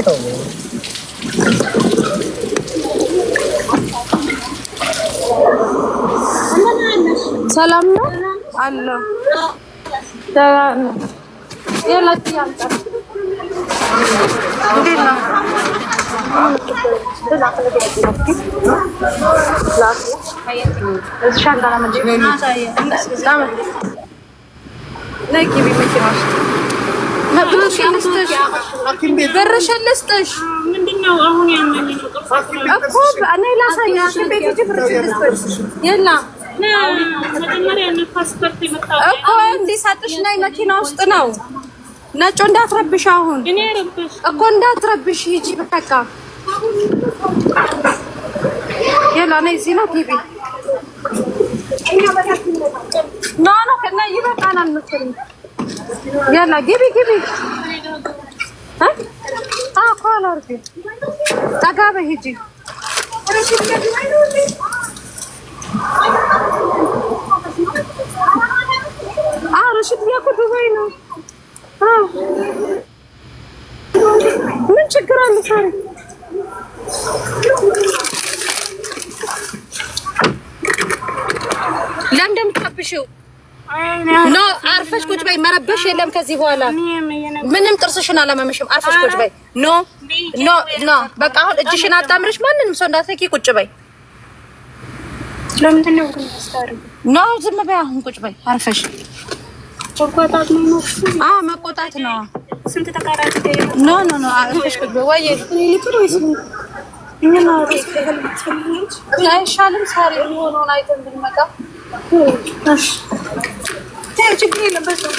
Hello. ሰላም ነው አለው። ደህና ነው። የላችሁ ያምጣ። እንዴት ነው? ሻንጣ ለመ ነ ቢ መኪና ውስጥ ብርሽን ልስጥሽ እኮ እኔ ነው። ነጩ እንዳትረብሽ፣ አሁን እኮ እንዳትረብሽ፣ ሂጂ በቃ። የላ ነይ፣ እዚህ ነው ቲቪ ኖ ኖ ከእነ ይበቃናል መሰለኝ ያላ ግቢ ግቢ ከኋላ አድርጌ ሂጂ። ረሽድያ እኮ ዱባይ ነው። ምን ችግር አለ? ሳሪ ለምን እንደምትጠብሺው ኖ አርፈሽ ቁጭ በይ። መረበሽ የለም ከዚህ በኋላ ምንም ጥርስሽን አላመመሽም። አርፈሽ ቁጭ በይ። ኖ ኖ ኖ በቃ አሁን እጅሽን አጣምረሽ ማንንም ሰው እንዳትነኪ ቁጭ በይ። ኖ ዝም በይ። አሁን ቁጭ በይ አርፈሽ። አዎ መቆጣት ነው። ኖ ኖ አርፈሽ ቁጭ በይ። ወይዬ አይሻልም? ሳሪ አይተን ብንመጣ ችግር የለበትም።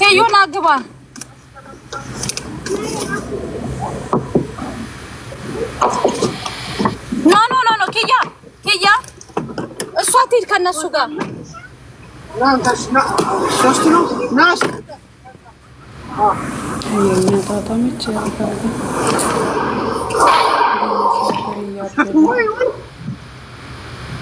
ቴዮን አግባ። ኖ ኖ ኖ ኖ ኪያ ኪያ እሷ ትሄድ ከነሱ ጋር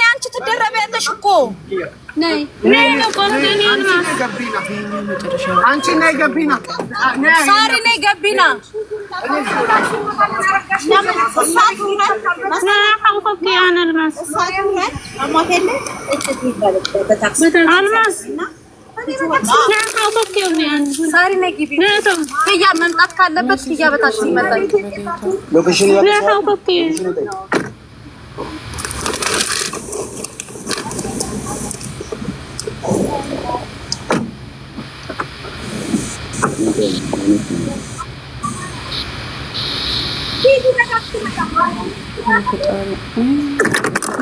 ነይ አንቺ ትደረቢያለሽ እኮ ነይ ነይ ገቢና ሳሪ ነይ ገቢና መምጣት ካለበት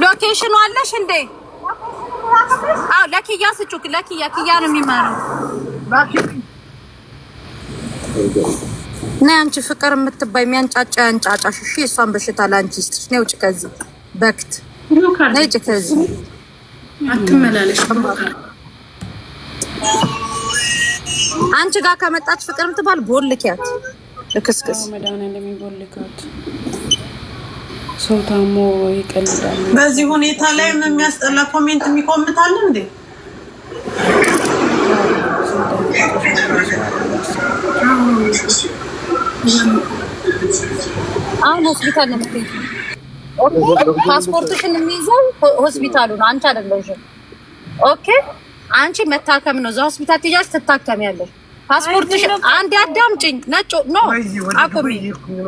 ሎኬሽኑ አለሽ እንዴ? አዎ፣ ለኪያ ስጩ። ለኪያ ኪያ ነው የሚማረው። እና አንቺ ፍቅር የምትባይ የሚያንጫጫ ያንጫጫሽ። እሺ፣ የእሷን በሽታ ለአንቺ ይስጥሽ። ነው ውጭ ከዚህ በክት ነው ውጭ ከዚህ አትመላለሽ። አንቺ ጋር ከመጣች ፍቅር የምትባል ቦልኪያት ልክስክስ ሰው ታሞ ይቀልዳል። በዚህ ሁኔታ ላይ የሚያስጠላ ኮሜንት የሚቆምታል እንዴ? አሁን ሆስፒታል ነው የምትሄጂው። ፓስፖርትሽን የሚይዘው ሆስፒታሉ ነው፣ አንቺ አይደለሽም። ኦኬ፣ አንቺ መታከም ነው። እዛ ሆስፒታል ትሄጃለሽ፣ ትታከሚያለሽ ፓስፖርትሽ አንዴ አዳምጭኝ። ነጮ ኖ አቁሚ።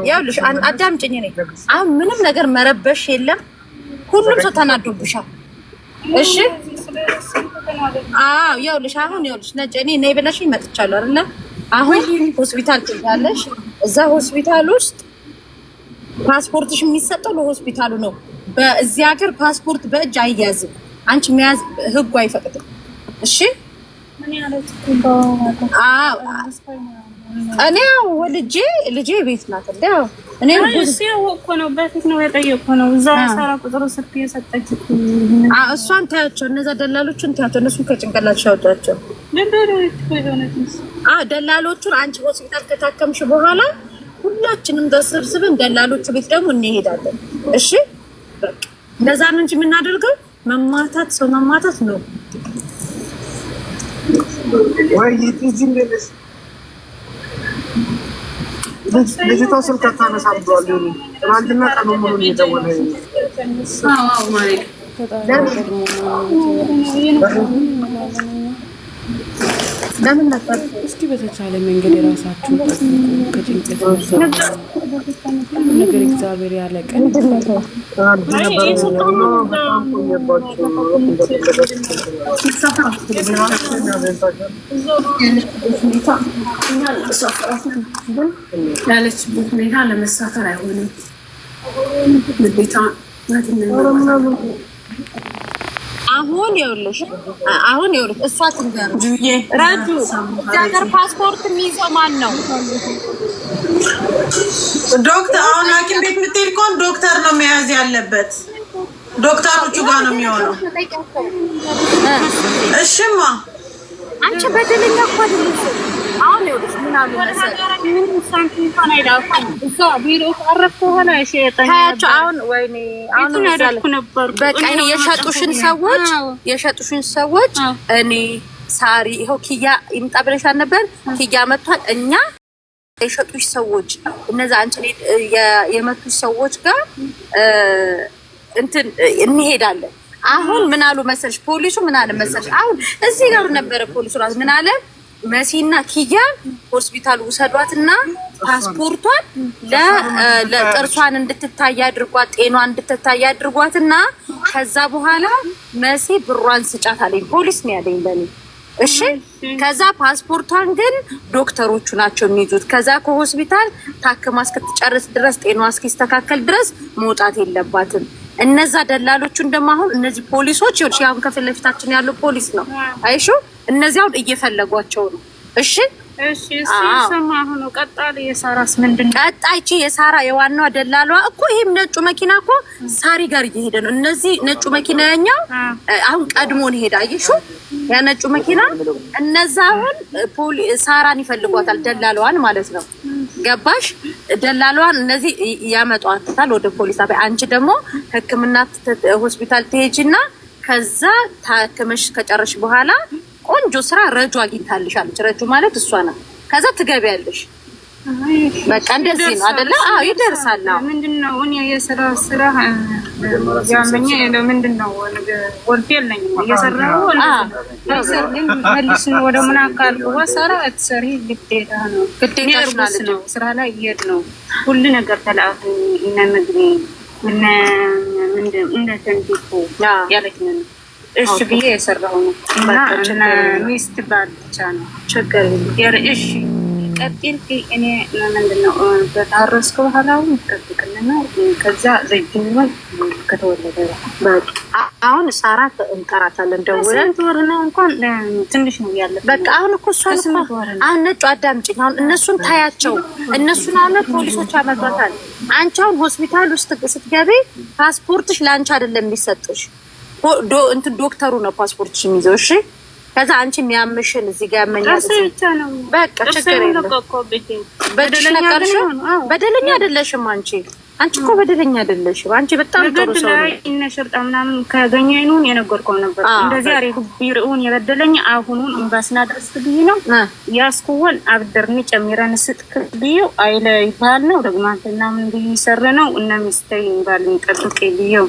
ይኸውልሽ አዳምጭኝ። እኔ አሁን ምንም ነገር መረበሽ የለም። ሁሉም ሰው ተናዶብሻል። እሺ አዎ፣ ይኸውልሽ አሁን ይኸውልሽ ነጭ እኔ ነይ ብለሽኝ መጥቻለሁ አይደለ? አሁን ሆስፒታል ትያለሽ። እዛ ሆስፒታል ውስጥ ፓስፖርትሽ የሚሰጠው ለሆስፒታሉ ነው። በዚህ ሀገር ፓስፖርት በእጅ አይያዝም። አንቺ መያዝ ህጉ አይፈቅድም። እሺ እኔ ወልጄ ልጄ ቤት ናት እንደ እኔ እኮ ነው በፊት ነው የጠየቅኩህ ነው። እዛ ሰራ ቁጥሩ ስልክ የሰጠች እሷን ታያቸው፣ እነዛ ደላሎቹን ታያቸው፣ እነሱን ከጭንቅላትሽ አውጣቸው። ደላሎቹን አንቺ ሆስፒታል ከታከምሽ በኋላ ሁላችንም ተሰብስበን ደላሎቹ ቤት ደግሞ እንሄዳለን። እሺ እንደዛ ነው እንጂ የምናደርገው መማታት ሰው መማታት ነው። ወይ ቲጂም የለሽ ልጅቷ ስልክ አታነሳም ብሏል። ትናንትና ቀኑን ሙሉ እየደወለ ለምን ነበር? እስኪ በተቻለ መንገድ የራሳችሁ ከጭንቀት ነገር እግዚአብሔር ያለ ቀን ያለችበት ሁኔታ ለመሳተር አይሆንም ግዴታ አሁን ይኸውልሽ አሁን ይኸውልሽ እሷ ትንገርሽ ረዱ ሀገር ፓስፖርት የሚይዘው ማን ነው? ዶክተር አሁን ሐኪም ቤት የምትሄድ ከሆነ ዶክተር ነው መያዝ ያለበት። ዶክተሮቹ ጋር ነው የሚሆነው። እሽማ አንቺ በደለኛ እኮ አይደለሽም የሸጡሽን ሰዎች የሸጡሽን ሰዎች እኔ ሳሪ ይኸው ኪያ ይምጣ ብለሻል ነበር። ኪያ መጥቷል። እኛ የሸጡሽ ሰዎች እነዛ አንቺን የመቱሽ ሰዎች ጋር እንትን እንሄዳለን። አሁን ምን አሉ መሰለሽ? ፖሊሱ ምን አለ መሰለሽ? አሁን እዚህ ጋር ነበረ ፖሊሱ ራሱ ምን አለ መሲና ኪያ ሆስፒታል ውሰዷትና ፓስፖርቷን ለጥርሷን እንድትታይ አድርጓት፣ ጤኗን እንድትታይ አድርጓትና ከዛ በኋላ መሲ ብሯን ስጫት አለኝ። ፖሊስ ነው ያለኝ ለኔ። እሺ ከዛ ፓስፖርቷን ግን ዶክተሮቹ ናቸው የሚይዙት። ከዛ ከሆስፒታል ታክማ እስክትጨርስ ድረስ ጤኗ እስኪስተካከል ድረስ መውጣት የለባትም። እነዛ ደላሎቹን ደግሞ አሁን እነዚህ ፖሊሶች ይኸውልሽ፣ አሁን ከፊት ለፊታችን ያለው ፖሊስ ነው አይሹ፣ እነዚያውን እየፈለጓቸው ነው። እሺ እሺ፣ አሁን ቀጣል የሳራስ ምንድን ቀጣይቺ? የሳራ የዋናዋ ደላሏ እኮ ይሄም ነጩ መኪና እኮ ሳሪ ጋር እየሄደ ነው። እነዚህ ነጩ መኪና ያኛው አሁን ቀድሞን ሄዳ አይሹ፣ ያ ነጩ መኪና እነዛ አሁን ሳራን ይፈልጓታል፣ ደላሏን ማለት ነው። ገባሽ? ደላሏን እነዚህ ያመጧታል ወደ ፖሊስ ጣቢያ። አንቺ ደግሞ ሕክምና ሆስፒታል ትሄጂና ከዛ ታክመሽ ከጨረሽ በኋላ ቆንጆ ስራ ረጁ አግኝታልሽ አለች። ረጁ ማለት እሷ ናት። ከዛ ትገቢያለሽ በቃ እንደዚህ ነው አይደለ? አዎ ይደርሳል። አዎ ምንድነው እኔ የስራ ስራ ያመኘ ነው ምንድነው ወልፍ የለኝም እየሰራሁ መልስ ወደ ምን አካል ወሰራ እትሰሪ ግዴታ ነው ግዴታ ነው። ስራ ላይ እየሄድ ነው ሁሉ ነገር ተላፍ እነ ምግቢ እነ ምንድን እንደ ተንዲኮ ያለች ነው እሺ ብዬ የሰራሁ ነው እና ሚስት ባል ብቻ ነው ችግር የር እሺ ቀጢል እኔ ምንድን ነው በታረስኩ በኋላ ይጠብቅልና ከዛ ዘይትንመል ከተወለደ አሁን ሳራ እንጠራታለን። ደውለን ወር ነው እንኳን ትንሽ ነው ያለ። በቃ አሁን እኮ እሷ አሁን ነጩ አዳምጪኝ። አሁን እነሱን ታያቸው፣ እነሱን አለ ፖሊሶች ያመጧታል። አንቺ አሁን ሆስፒታል ውስጥ ስትገቢ ፓስፖርትሽ ለአንቺ አይደለም የሚሰጥሽ፣ እንትን ዶክተሩ ነው ፓስፖርትሽ የሚይዘው። እሺ ከዛ አንቺ የሚያምሽን እዚህ ጋር ምን በቃ ችግር የለም። በደለኛ አይደለሽም አንቺ አንቺ እኮ በደለኛ አይደለሽም። አንቺ በጣም ጥሩ ሰው ነሽ። እነሽርጣ ምናምን ካገኘኝ ነው የነገርኩህ ነበር። እንደዚህ አሬ ቢርኡን የበደለኝ አሁኑን እንባስና ድረስ ብዬ ነው ያስኩወን አብደርኒ ጨምረን ስጥክ ብዬው አይለ ይባል ነው ደግሞ አንተና ምን ብዬ ይሰረ ነው እና ሚስተይ ይባል የሚጠብቅ ብዬው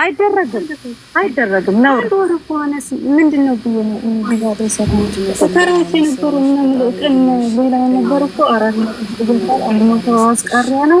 አይደረግም አይደረግም ነው። ምንድን ነው ብዬ ነው ሌላ ነበር እኮ አራት ቀሪያ ነው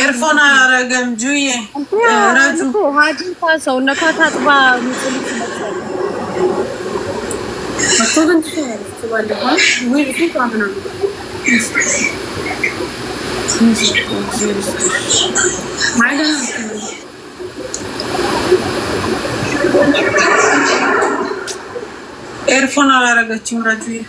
ኤርፎን አረገም ጁዬ ሀጂታ ሰውነቷ ታጥባ ኤርፎን አላረገችም ራጁዬ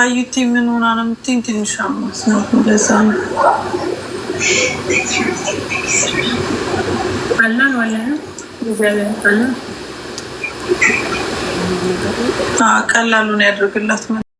አዩቲ ምን ሆና ነው የምትይኝ? ትንሽ አሟት ነው እንደዛ ነው አላን ዋለን ቀላሉን ያደርግላት።